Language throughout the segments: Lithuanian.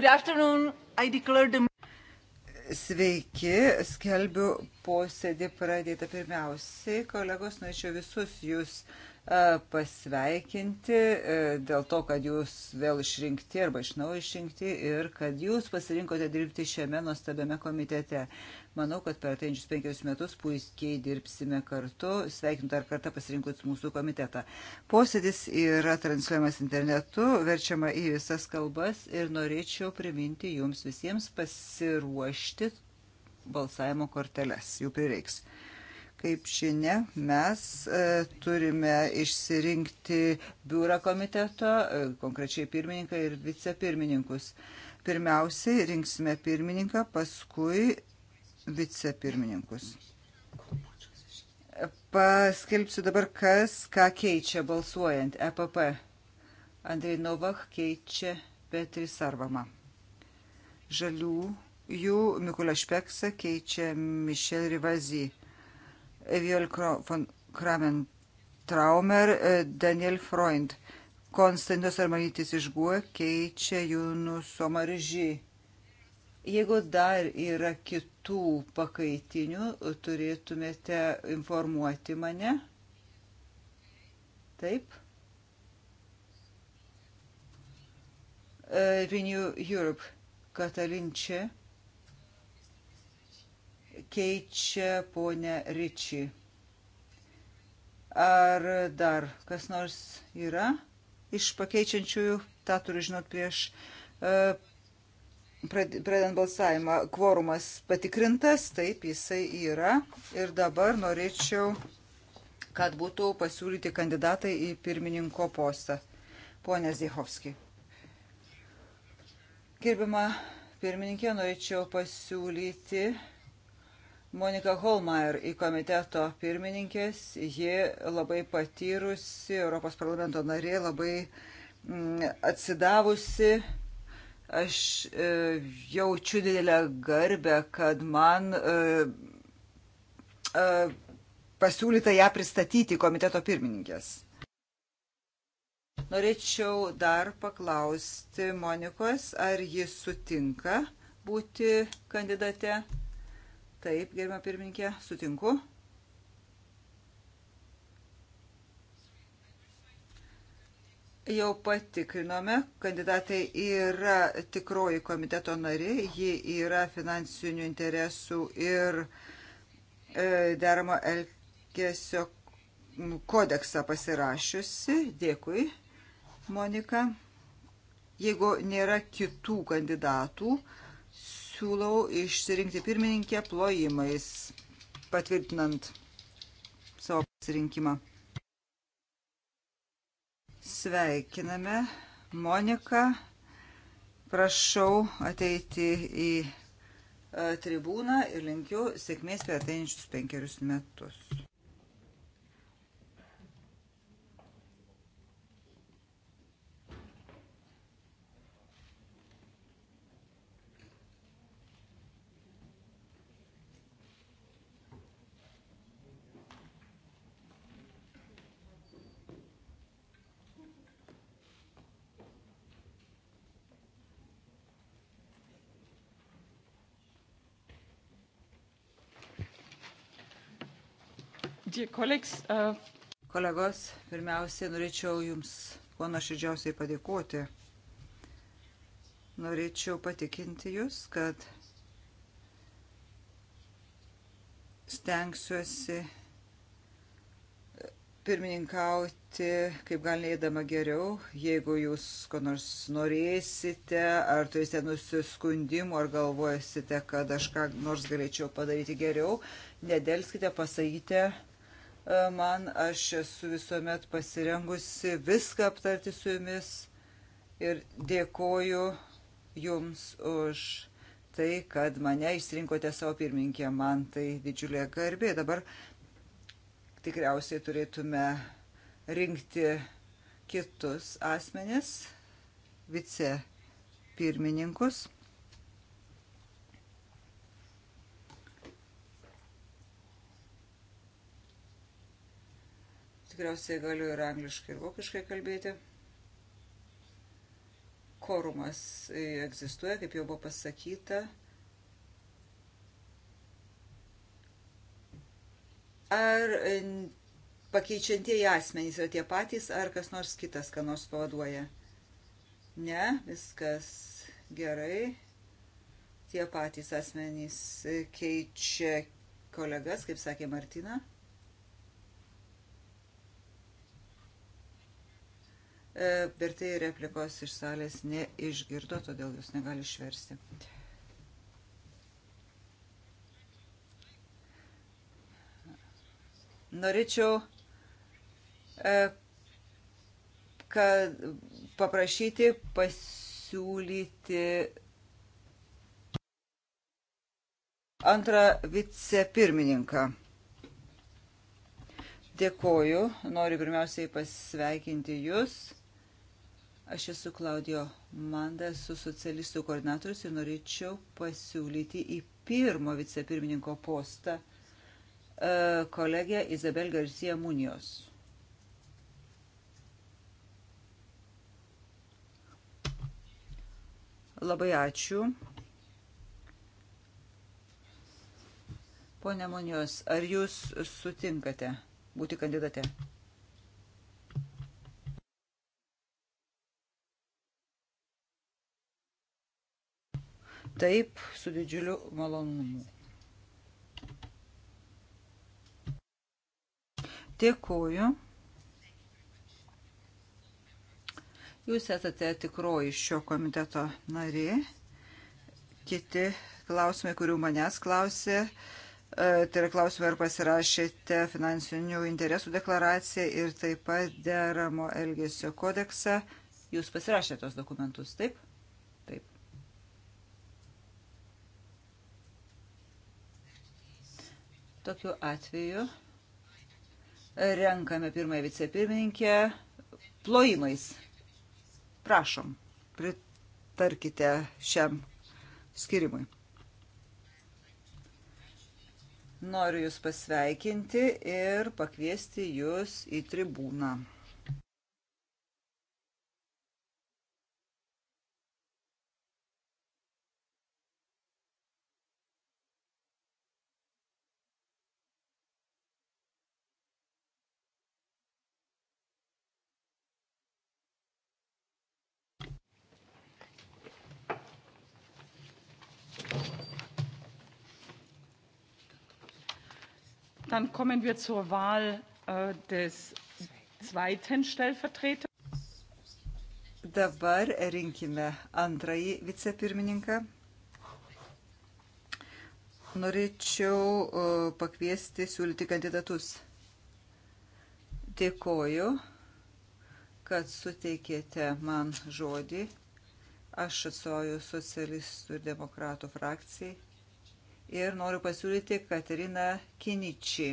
Good afternoon. I declare the... Sveiki, skelbiu posėdį pradėtą pirmiausiai. Kolegos, norėčiau visus jūs e, pasveikinti e, dėl to, kad jūs vėl išrinkti arba iš naujo išrinkti ir kad jūs pasirinkote dirbti šiame nuostabiame komitete. Manau, kad per ateinčius penkius metus puikiai dirbsime kartu. Sveikinu dar kartą pasirinkus mūsų komitetą. Posėdis yra transliuojamas internetu, verčiama į visas kalbas ir norėčiau priminti jums visiems pasiruošti balsavimo korteles. Jų prireiks. Kaip žinia, mes e, turime išsirinkti biurą komiteto, e, konkrečiai pirmininką ir vicepirmininkus. Pirmiausiai rinksime pirmininką, paskui vicepirmininkus. Paskelbsiu dabar, kas ką keičia balsuojant. EPP. Andrei Novak keičia Petri Sarvama. Žalių jų Mikulė Špeksa keičia Mišel Rivazy. Viol von Kramen Traumer, Daniel Freund. Konstantinas Armanytis iš Guo e keičia Junus Omaržį. Jeigu dar yra kitų pakaitinių, turėtumėte informuoti mane. Taip. E, Renew Europe Katalinčia keičia ponę Ričį. Ar dar kas nors yra iš pakeičiančiųjų, tą turiu žinot prieš e, Pradedant balsavimą, kvorumas patikrintas, taip jisai yra. Ir dabar norėčiau, kad būtų pasiūlyti kandidatai į pirmininko postą. Pone Zihovski. Gerbima pirmininkė, norėčiau pasiūlyti Monika Holmeier į komiteto pirmininkės. Ji labai patyrusi, Europos parlamento narė, labai mm, atsidavusi Aš e, jaučiu didelę garbę, kad man e, e, pasiūlyta ją pristatyti komiteto pirmininkės. Norėčiau dar paklausti Monikos, ar jis sutinka būti kandidate. Taip, gerbimo pirmininkė, sutinku. jau patikrinome, kandidatai yra tikroji komiteto nari, ji yra finansinių interesų ir e, deramo elgesio kodeksą pasirašiusi. Dėkui, Monika. Jeigu nėra kitų kandidatų, siūlau išsirinkti pirmininkę plojimais, patvirtinant savo pasirinkimą. Sveikiname Moniką. Prašau ateiti į e, tribūną ir linkiu sėkmės per ateinančius penkerius metus. Uh, Kolegos, pirmiausiai norėčiau Jums kuo nuoširdžiausiai padėkoti. Norėčiau patikinti Jūs, kad stengsiuosi e, pirmininkauti, kaip galėdama geriau, jeigu jūs ko nors norėsite, ar turite nusiskundimų, ar galvojasite, kad aš ką nors galėčiau padaryti geriau, nedelskite, pasakykite man, aš esu visuomet pasirengusi viską aptarti su jumis ir dėkoju jums už tai, kad mane išsirinkote savo pirmininkę. Man tai didžiulė garbė. Dabar tikriausiai turėtume rinkti kitus asmenis, vice pirmininkus. tikriausiai galiu ir angliškai, ir vokiškai kalbėti. Korumas e, egzistuoja, kaip jau buvo pasakyta. Ar e, pakeičiantieji asmenys yra tie patys, ar kas nors kitas, ką nors pavaduoja? Ne, viskas gerai. Tie patys asmenys e, keičia kolegas, kaip sakė Martina. E, vertėjai replikos iš salės neišgirdo, todėl jūs negali išversti. Norėčiau e, kad paprašyti pasiūlyti antrą vicepirmininką. Dėkoju, noriu pirmiausiai pasveikinti Jūs Aš esu Klaudijo Manda, esu socialistų koordinatorius ir norėčiau pasiūlyti į pirmo vicepirmininko postą e, kolegę Izabel Garcia Munijos. Labai ačiū. Pone Munijos, ar jūs sutinkate būti kandidate? taip su didžiuliu malonumu. Dėkuoju. Jūs esate tikroji šio komiteto narė. Kiti klausimai, kurių manęs klausė, e, tai yra klausimai, ar pasirašėte finansinių interesų deklaraciją ir taip pat deramo elgesio kodeksą. Jūs pasirašėte tos dokumentus, taip? Tokiu atveju renkame pirmąją vicepirmininkę plojimais. Prašom, pritarkite šiam skirimui. Noriu Jūs pasveikinti ir pakviesti Jūs į tribūną. Dann kommen wir zur Wahl äh, des zweiten Stellvertreters. Dabar rinkime antrąjį vicepirmininką. Norėčiau e, pakviesti siūlyti kandidatus. Dėkoju, kad suteikėte man žodį. Aš atsvoju socialistų ir demokratų frakcijai ir noriu pasiūlyti Kateriną Kiničį.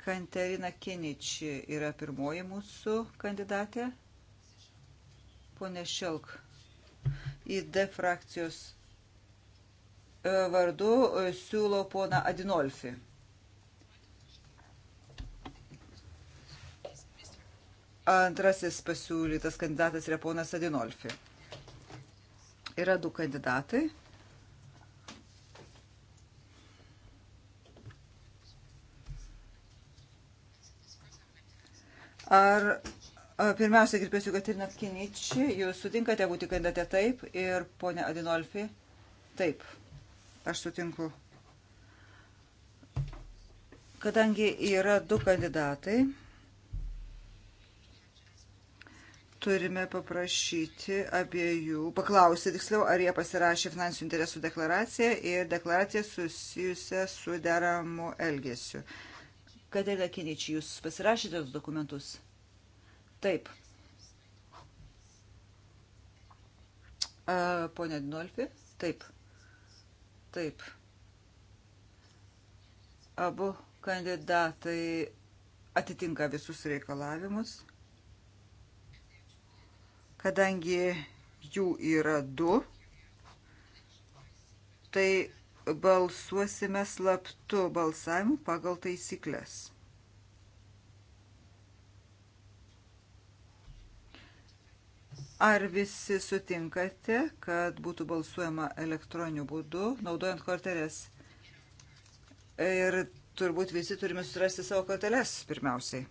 Katerina Kiničį yra pirmoji mūsų kandidatė. Pone Šelk, į D frakcijos e, vardu e, siūlo pona Adinolfi. Antrasis pasiūlytas kandidatas yra ponas Adinolfi. Yra du kandidatai. Ar Pirmiausia, kreipiuosi Katerina Kiniči, jūs sutinkate būti kandidate taip ir ponė Adinolfi taip. Aš sutinku. Kadangi yra du kandidatai, turime paprašyti abiejų, paklausti tiksliau, ar jie pasirašė finansinių interesų deklaraciją ir deklaraciją susijusią su deramu elgesiu. Katerina Kiničiai, jūs pasirašėte tos dokumentus? Taip. Pone Dinolfi? Taip. Taip. Abu kandidatai atitinka visus reikalavimus, kadangi jų yra du, tai balsuosime slaptu balsavimu pagal taisyklės. Ar visi sutinkate, kad būtų balsuojama elektroniniu būdu, naudojant kortelės? Ir turbūt visi turime surasti savo korteles pirmiausiai.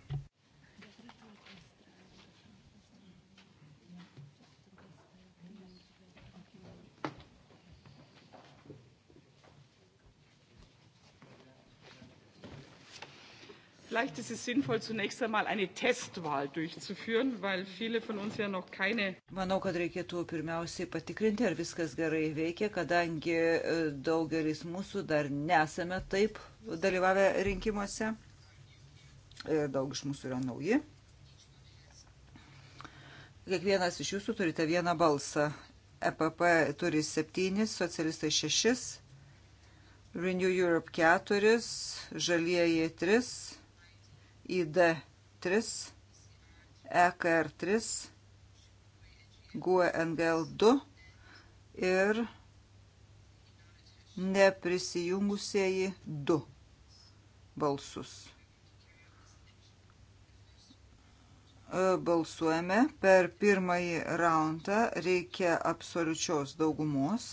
vielleicht ist es sinnvoll, zunächst einmal eine Testwahl durchzuführen, weil viele von uns ja noch keine. Manau, kad reikėtų pirmiausiai patikrinti, ar viskas gerai veikia, kadangi e, daugelis mūsų dar nesame taip dalyvavę rinkimuose. E, daug iš mūsų yra nauji. Kiekvienas iš jūsų turite vieną balsą. EPP turi septynis, socialistai šešis, Renew Europe keturis, žalieji tris, ID3, EKR3, GUNGL2 e ir neprisijungusieji 2 balsus. E, balsuojame per pirmąjį raundą, reikia absoliučios daugumos.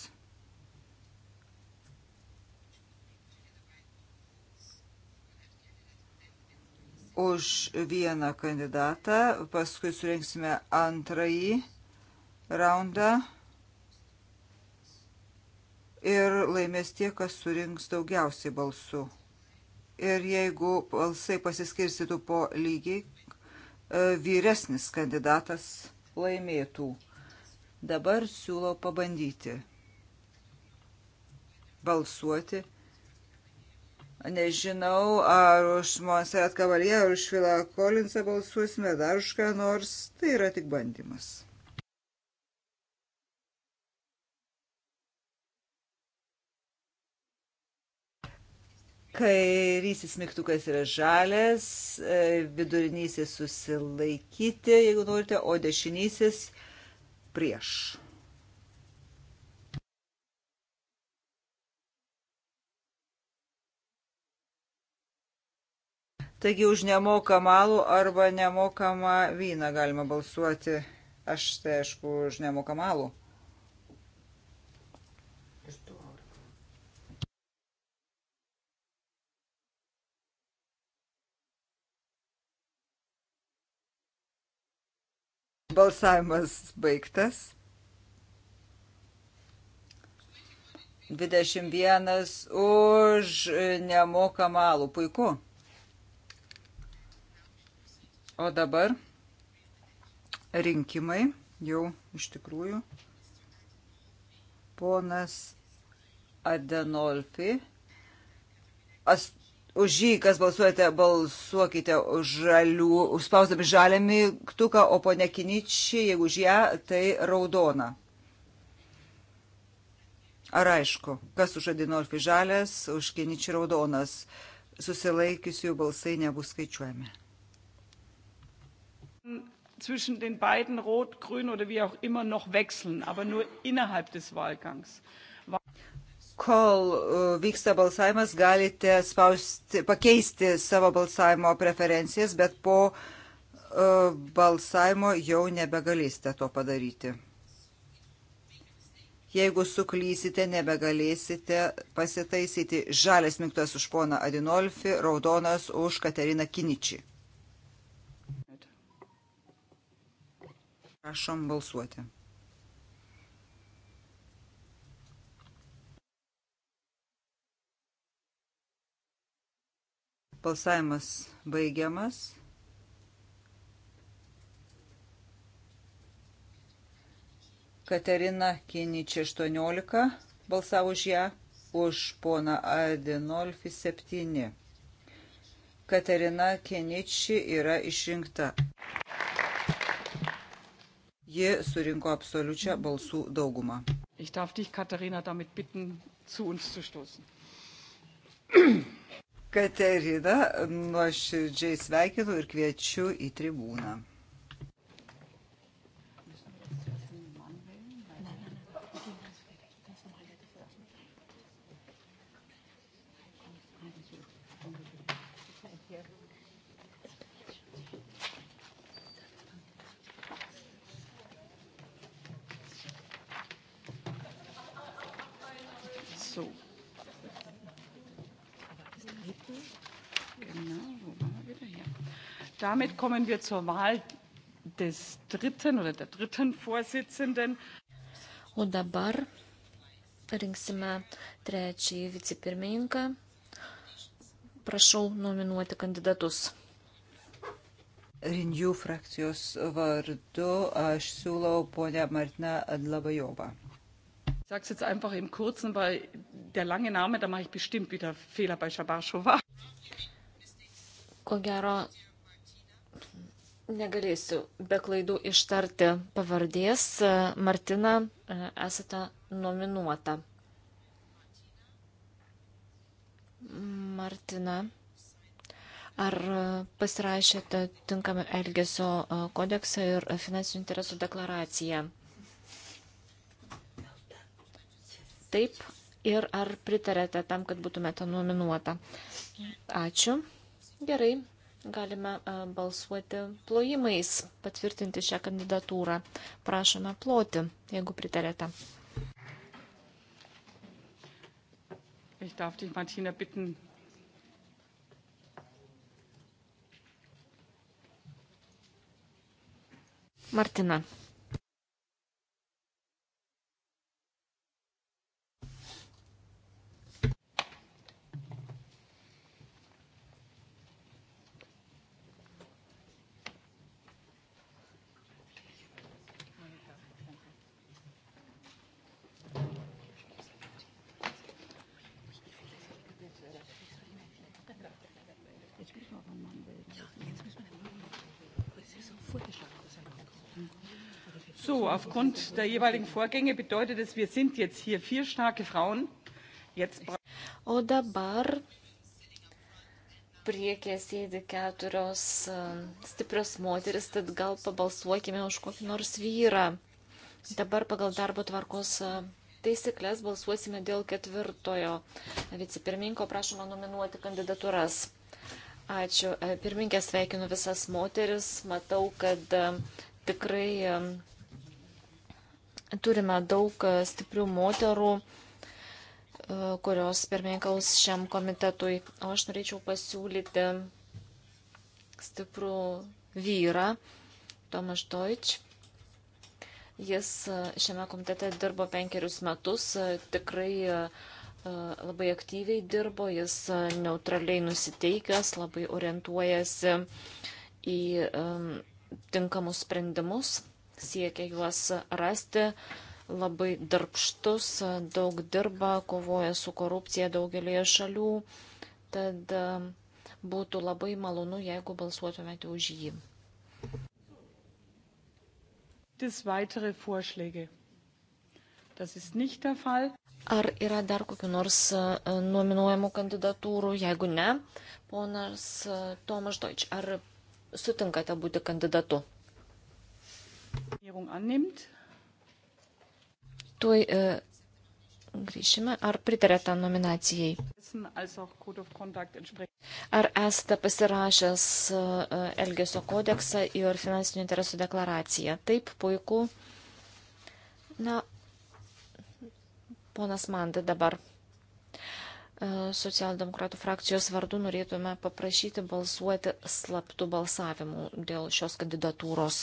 už vieną kandidatą, paskui surinksime antrąjį raundą ir laimės tie, kas surinks daugiausiai balsų. Ir jeigu balsai pasiskirstytų po lygiai, e, vyresnis kandidatas laimėtų. Dabar siūlau pabandyti balsuoti. Nežinau, ar už Monserrat Kavalie, ar už Filą Kolinsą balsuosime, dar už ką nors. Tai yra tik bandymas. Kairysis mygtukas yra žalės, e, vidurinysis susilaikyti, jeigu norite, o dešinysis prieš. Taigi už nemokamą alų arba nemokamą vyną galima balsuoti. Aš tai aišku už nemokamą alų. Balsavimas baigtas. 21 už nemokamą alų. Puiku. O dabar rinkimai jau iš tikrųjų. Ponas Adenolfi. As, už jį, kas balsuojate, balsuokite už žalių, užspausdami žalią mygtuką, o ponia Kiničiai, jeigu už ją, tai raudona. Ar aišku, kas už Adinolfi žalės, už Kiničiai raudonas, susilaikiusių balsai nebus skaičiuojami zwischen den beiden Rot, Grün oder wie auch immer noch wechseln, aber nur innerhalb des Wahlgangs. Kol uh, vyksta balsavimas, galite spausti, pakeisti savo balsavimo preferencijas, bet po uh, balsavimo jau nebegalėsite to padaryti. Jeigu suklysite, nebegalėsite pasitaisyti žalės mygtas už poną Adinolfi, raudonas už Kateriną Kiničį. Prašom balsuoti. Balsavimas baigiamas. Katerina Kiničia 18 balsavo už ją, už poną Adinolfi 7. Katerina Kiniči yra išrinkta ji surinko absoliučią balsų daugumą. Ich darf dich, Katarina, damit bitten, zu uns zu stoßen. Katerina, nuoširdžiai sveikinu ir kviečiu į tribūną. damit kommen wir zur Wahl des dritten oder der dritten Vorsitzenden. O dabar rinksime trečiąjį vicepirmininką. Prašau nominuoti kandidatus. Rindžių frakcijos vardu aš siūlau ponę Martiną Adlabajovą. Ich sage es jetzt einfach im Kurzen, weil der lange Name, da mache ich bestimmt wieder Fehler bei Shabashova. Ko gero, Negalėsiu be klaidų ištarti pavardės. Martina, esate nominuota. Martina, ar pasirašėte tinkamą elgesio kodeksą ir finansinių interesų deklaraciją? Taip. Ir ar pritarėte tam, kad būtumėte nominuota? Ačiū. Gerai. Galime e, balsuoti plojimais, patvirtinti šią kandidatūrą. Prašome ploti, jeigu pritarėte. Ich darf dich, Martina, bitten, Martina. Jetzt müssen wir aber einen Mann bilden. Ja, jetzt müssen wir einen Mann bilden. Aber es ist auch vorgeschlagen, dass er rankommt. So, aufgrund der jeweiligen Vorgänge bedeutet es, wir sind jetzt hier vier starke Frauen. Jetzt o dabar priekė sėdi keturios um, stiprios moteris, tad gal pabalsuokime už kokį nors vyrą. Dabar pagal darbo tvarkos um, taisyklės balsuosime dėl ketvirtojo vicepirminko, prašoma nominuoti kandidatūras. Ačiū. E, Pirminkė sveikinu visas moteris. Matau, kad e, tikrai e, turime daug stiprių moterų, kurios pirmininkaus šiam komitetui. O aš norėčiau pasiūlyti stiprų vyrą, Tomas Deutsch. Jis šiame komitete dirbo penkerius metus. Tikrai E, labai aktyviai dirbo, jis e, neutraliai nusiteikęs, labai orientuojasi į e, tinkamus sprendimus, siekia juos rasti, labai darbštus, daug dirba, kovoja su korupcija daugelėje šalių. Tad būtų labai malonu, jeigu balsuotumėte už jį. Gibt es weitere Vorschläge? Das ist nicht der Fall. Ar yra dar kokiu nors e, e, nominuojamų kandidatūrų? Jeigu ne, ponas e, Tomas Deutsch, ar sutinkate būti kandidatu? Tuoj e, grįšime. Ar pritarėte nominacijai? Ar esate pasirašęs Elgesio kodeksą ir finansinių interesų deklaraciją? Taip, puiku. Na, Ponas Mandai dabar. E, socialdemokratų frakcijos vardu norėtume paprašyti balsuoti slaptų balsavimų dėl šios kandidatūros.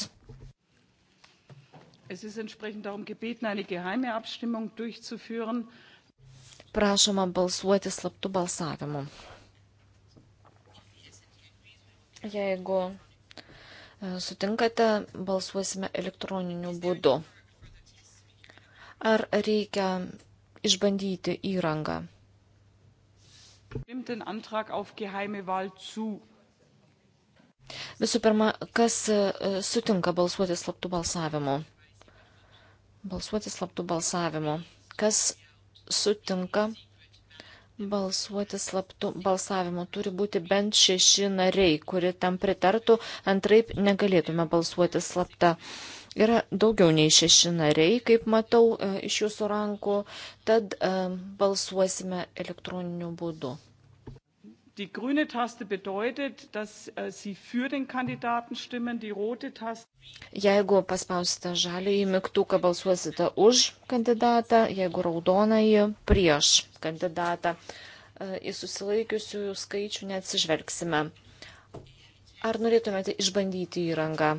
Es ist entsprechend darum gebeten, eine geheime Abstimmung durchzuführen. Prašoma balsuoti slaptų balsavimų. Jeigu e, sutinkate, balsuosime elektroniniu būdu. Ar reikia išbandyti įrangą. Visų pirma, kas e, sutinka balsuoti slaptų balsavimu? Balsuoti slaptų balsavimu. Kas sutinka balsuoti slaptų balsavimu? Turi būti bent šeši nariai, kuri tam pritartų, antraip negalėtume balsuoti slapta Yra daugiau nei šeši nariai, kaip matau e, iš jūsų rankų, tad e, balsuosime elektroniniu būdu. Die grüne Taste bedeutet, dass äh, Sie für den Kandidaten stimmen, die rote Taste. Jeigu paspausite žaliąjį mygtuką, balsuosite už kandidatą, jeigu raudonąjį prieš kandidatą. Äh, į susilaikiusiųjų skaičių neatsižvelgsime. Ar norėtumėte išbandyti įrangą?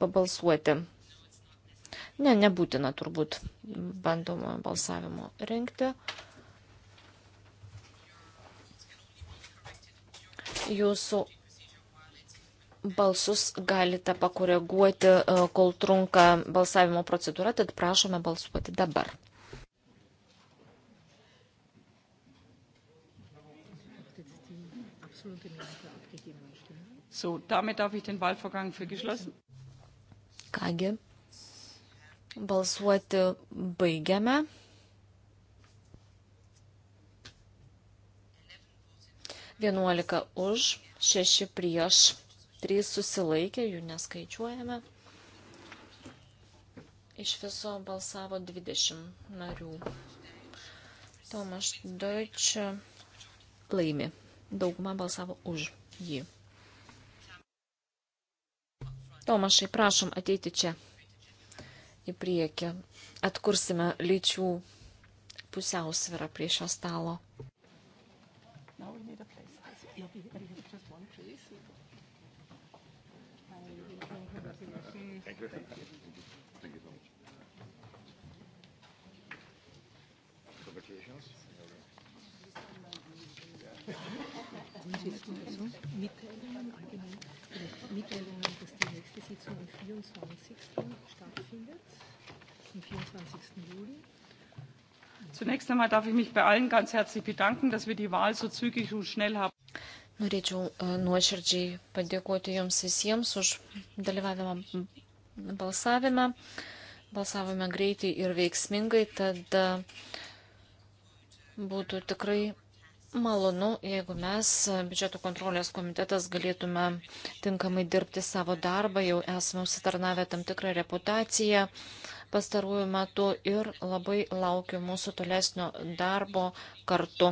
pabalsuoti. Ne, nebūtina turbūt bandomo balsavimo rengti. Jūsų balsus galite pakoreguoti, e, kol trunka balsavimo procedūra, tad prašome balsuoti dabar. So, damit darf ich den Wahlvorgang für geschlossen. Kągi, balsuoti baigiame. 11 už, 6 prieš, 3 susilaikė, jų neskaičiuojame. Iš viso balsavo 20 narių. Tomas Deutsch laimi. Dauguma balsavo už jį. Tomašai, prašom ateiti čia į priekį. Atkursime lyčių pusiausvirą prie šio stalo. einmal darf ich mich bei allen ganz herzlich bedanken, dass wir die Wahl so zügig und schnell haben. Norėčiau e, nuoširdžiai padėkoti Jums visiems už dalyvavimą balsavime. Balsavome greitai ir veiksmingai, tad e, būtų tikrai malonu, jeigu mes, e, biudžeto kontrolės komitetas, galėtume tinkamai dirbti savo darbą, jau esame užsitarnavę tam tikrą reputaciją pastarųjų metų ir labai laukiu mūsų tolesnio darbo kartu.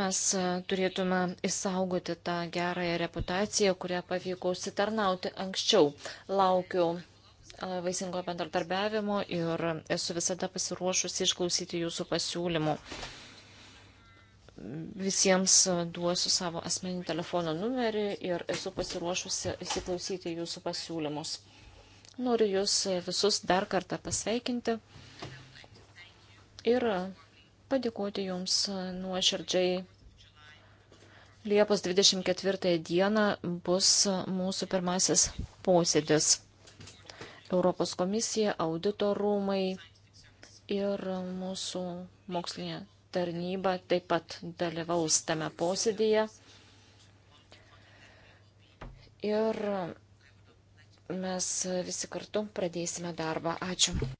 Mes e, turėtume įsaugoti tą gerąją reputaciją, kurią pavyko užsitarnauti anksčiau. Laukiu e, vaisingo bendradarbiavimo ir esu visada pasiruošusi išklausyti jūsų pasiūlymų. Visiems e, duosiu savo asmeninį telefono numerį ir esu pasiruošusi įsiklausyti jūsų pasiūlymus. Noriu Jūs e, visus dar kartą pasveikinti ir e, padėkoti Jums e, nuoširdžiai. Liepos 24 dieną bus mūsų pirmasis posėdis. Europos komisija, audito rūmai ir mūsų mokslinė tarnyba taip pat dalyvaus tame posėdėje. Ir mes visi kartu pradėsime darbą. Ačiū.